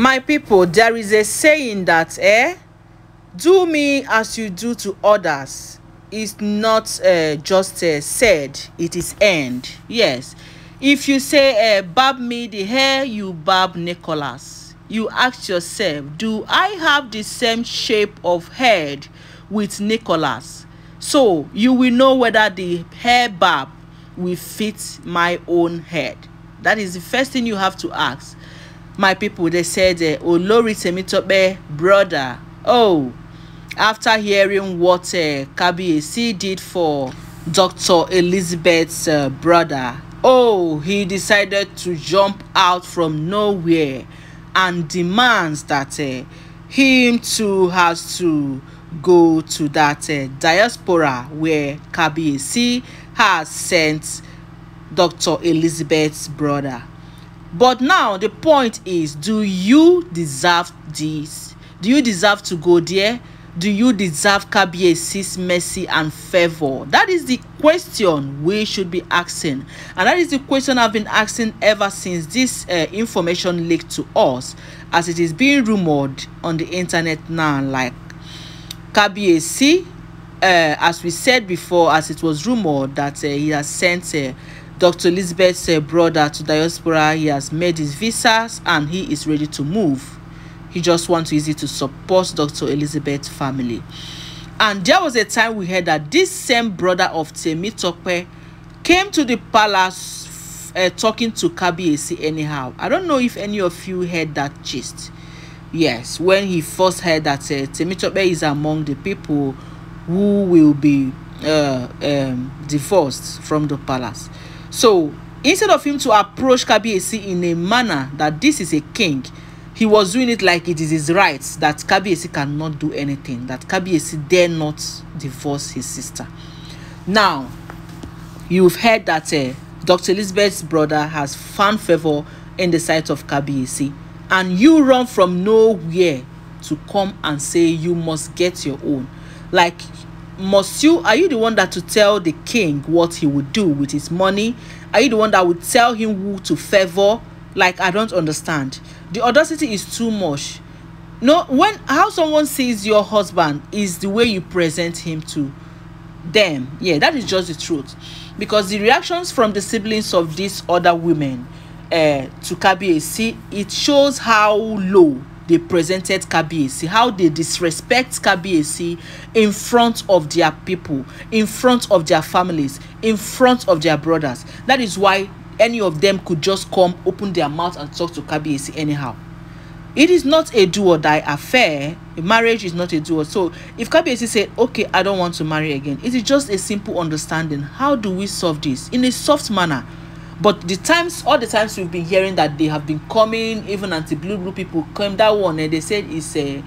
My people, there is a saying that, eh, do me as you do to others is not uh, just uh, said, it is end. Yes. If you say, uh, eh, barb me the hair, you barb Nicholas. You ask yourself, do I have the same shape of head with Nicholas? So you will know whether the hair barb will fit my own head. That is the first thing you have to ask my people they said uh, olori temitope brother oh after hearing what uh, eh, kabiyesi did for dr elizabeth's uh, brother oh he decided to jump out from nowhere and demands that uh, him too has to go to that uh, diaspora where kabiyesi has sent dr elizabeth's brother but now the point is do you deserve this do you deserve to go there do you deserve kabiyesi's mercy and favour that is the question we should be asking and that is the question i've been asking ever since this uh, information leaked to us as it is being rumoured on the internet now like kabiyesi uh, as we said before as it was rumoured that uh, he has sent uh, Dr. Elizabeth's uh, brother to diaspora, he has made his visas and he is ready to move. He just wants easy to support Dr. Elizabeth's family. And there was a time we heard that this same brother of Temi Tope came to the palace uh, talking to Kabiesi anyhow. I don't know if any of you heard that gist. Yes, when he first heard that uh, Temi Tope is among the people who will be uh, um, divorced from the palace. So instead of him to approach Kabiesi in a manner that this is a king, he was doing it like it is his right that Kabiesi cannot do anything, that Kabiesi dare not divorce his sister. Now, you've heard that uh, Dr. Elizabeth's brother has found favor in the sight of Kabiesi, and you run from nowhere to come and say you must get your own. Like Monsieur, are you the one that to tell the king what he would do with his money are you the one that would tell him who to favor like i don't understand the audacity is too much no when how someone sees your husband is the way you present him to them yeah that is just the truth because the reactions from the siblings of these other women uh, to Kabi, Kabiyesi it shows how low they presented Kabi. Kabiyesi how they disrespect Kabiyesi in front of their people in front of their families in front of their brothers that is why any of them could just come open their mouth and talk to Kabiyesi anyhow it is not a do or die affair marriage is not a do or so if Kabiyesi said okay I don't want to marry again it is just a simple understanding how do we solve this in a soft manner but the times all the times we've been hearing that they have been coming even anti blue blue people came that one eh, they said it's a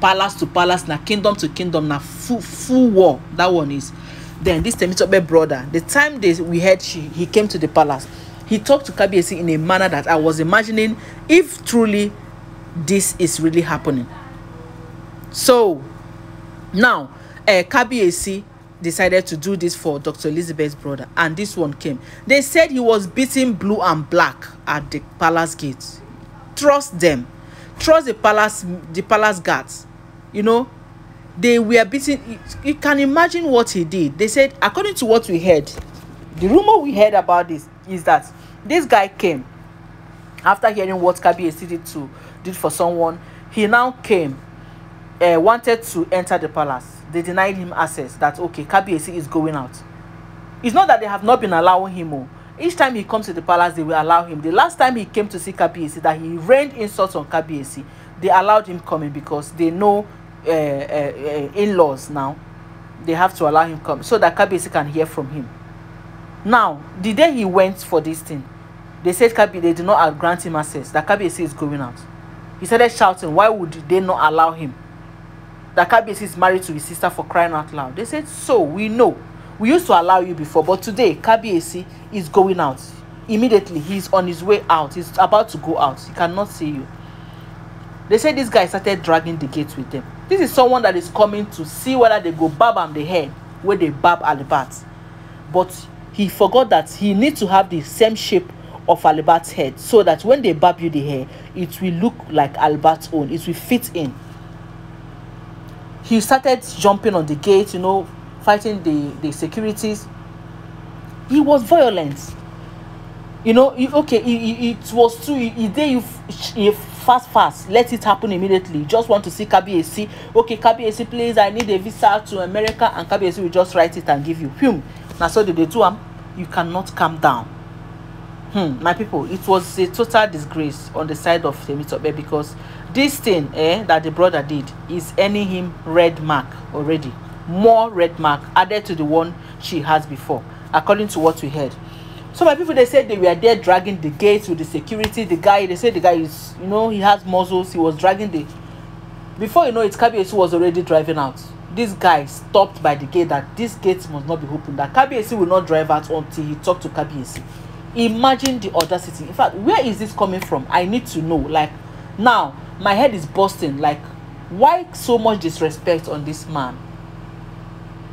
palace to palace na kingdom to kingdom na full full war that one is then this temitope brother the time they we heard she he came to the palace he talked to kabiyesi in a manner that i was imagining if truly this is really happening so now uh, kabiyesi decided to do this for Dr. Elizabeth's brother, and this one came. They said he was beating blue and black at the palace gate. Trust them. Trust the palace, the palace guards. You know, they were beating. You can imagine what he did. They said, according to what we heard, the rumor we heard about this is that this guy came after hearing what Kabi to did for someone. He now came, uh, wanted to enter the palace they denied him access that okay kbac is going out it's not that they have not been allowing him more oh. each time he comes to the palace they will allow him the last time he came to see kbac that he rained insults on kbac they allowed him coming because they know uh, uh, uh, in-laws now they have to allow him come so that kbac can hear from him now the day he went for this thing they said Kabi, they did not grant him access that Kabi is going out he started shouting why would they not allow him that Kabiyesi is married to his sister for crying out loud. They said, so we know. We used to allow you before, but today Kabiyesi is going out. Immediately, he's on his way out. He's about to go out. He cannot see you. They said this guy started dragging the gates with them. This is someone that is coming to see whether they go bab on the head where they bab Alibat. But he forgot that he needs to have the same shape of Alibat's head so that when they bab you the hair, it will look like Alibat's own. It will fit in. he started jumping on the gate you know fighting the the securities he was violent you know he, okay he, he, it was too he dey you fast fast let it happen immediately just want to see kabiyesi okay kabiyesi please i need a visa to america and kabiyesi will just write it and give you phew na so they dey do am you cannot calm down hmm, my people it was a total disgrace on the side of temitope because this thing eh, that the brother did is earning him red mark already more red mark added to the one she has before according to what we heard so my people they said they were there dragging the gates with the security the guy they said the guy is you know he has muscles he was dragging the before you know it kabiyesi was already driving out this guy stopped by the gate that this gate must not be opened. that kabiyesi will not drive out until he talk to kabiyesi imagine the audacity in fact where is this coming from i need to know like now my head is bursting like why so much disrespect on this man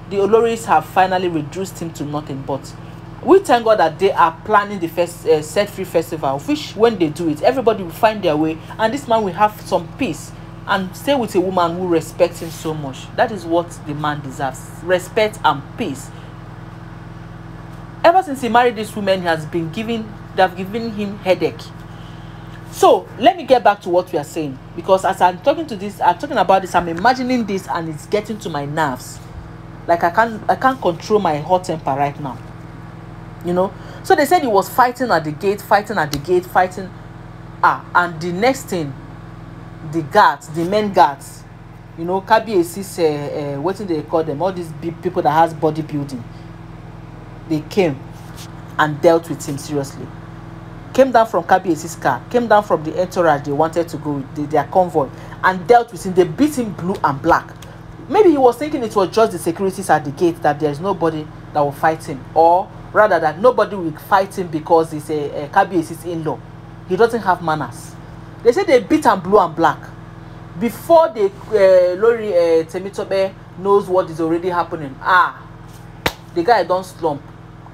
the oloris have finally reduced him to nothing but we thank god that they are planning the first uh, set free festival which when they do it everybody will find their way and this man will have some peace and stay with a woman who respects him so much that is what the man deserves respect and peace ever since he married this woman, he has been giving they have given him headache. So let me get back to what we are saying because as I'm talking to this, I'm talking about this, I'm imagining this and it's getting to my nerves. Like I can't I can't control my hot temper right now. You know? So they said he was fighting at the gate, fighting at the gate, fighting. Ah, and the next thing, the guards, the men guards, you know, KBAC, uh, uh, what do they call them? All these people that has bodybuilding they came and dealt with him seriously. Came down from Kabiesi's car, came down from the entourage they wanted to go with the, their convoy and dealt with him. They beat him blue and black. Maybe he was thinking it was just the securities at the gate that there is nobody that will fight him, or rather that nobody will fight him because he's a, a Kabiesi's in-law. He doesn't have manners. They say they beat him blue and black. Before the uh, Lori uh, Temitope knows what is already happening, ah, the guy don't slump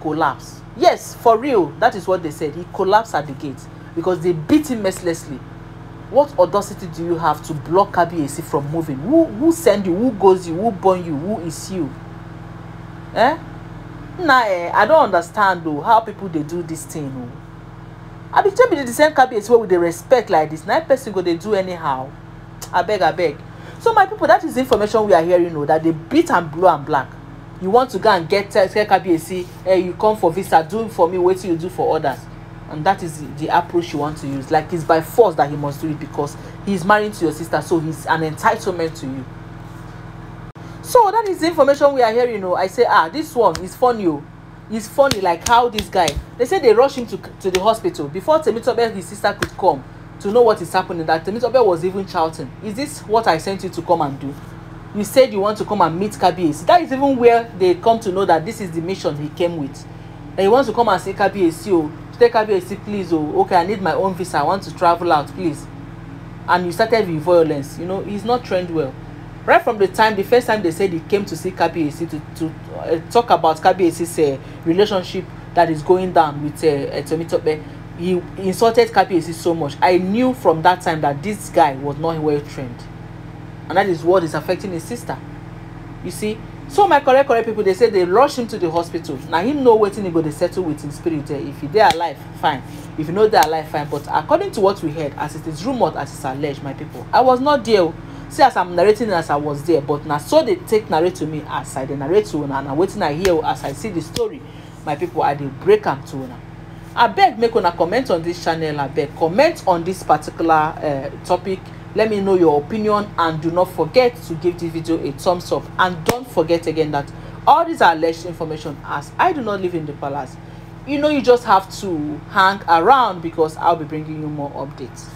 collapse yes for real that is what they said he collapsed at the gate because they beat him mercilessly what audacity do you have to block kabiyesi from moving who who send you who goes you who burn you who is you eh Nah eh i don't understand though how people they do this thing I be mean, chebi dey same kabiyesi wey we dey respect like this Nine person go they do anyhow I beg, I beg. so my people that is information we are hearing o oh, that they beat and blow and black you want to go and get tell tell kabiyesi eh, hey you come for visa do for me wetin you do for others and that is the, the approach you want to use like it's by force that he must do it because he is married to your sister so he's an entitlement to you so that is the information we are hearing Oh, i say ah this one is funny o oh. it's funny like how this guy they say they rush him to to the hospital before temitope his sister could come to know what is happening that temitope was even shouting is this what i sent you to come and do you said you want to come and meet kabiyesi that is even where they come to know that this is the mission he came with And he wants to come and see kabiyesi o oh. say kabiyesi please o oh, okay i need my own visa i want to travel out please and you started with violence you know he's not trained well right from the time the first time they said he came to see kabiyesi to to uh, talk about kabiyesi's uh, relationship that is going down with uh, uh, Temitope he insulted kabiyesi so much i knew from that time that this guy was not well trained and that is what is affecting his sister you see so my correct correct people dey say they rush him to the hospital na him know wetin he go dey settle with him spirit eh if he dey alive fine if he no dey alive fine but according to what we heard as it is rumoured as it's alleged my people i was not there o oh. see as i'm narrating as i was there but na so they take narrate to me as i dey narrate to una na wetin i hear oh, as i see the story my people i dey break am to una abeg make una comment on this channel abeg comment on this particular uh, topic let me know your opinion and do not forget to give this video a thumbs up and don't forget again that all these are alleged information as i do not live in the palace you know you just have to hang around because i'll be bringing you more updates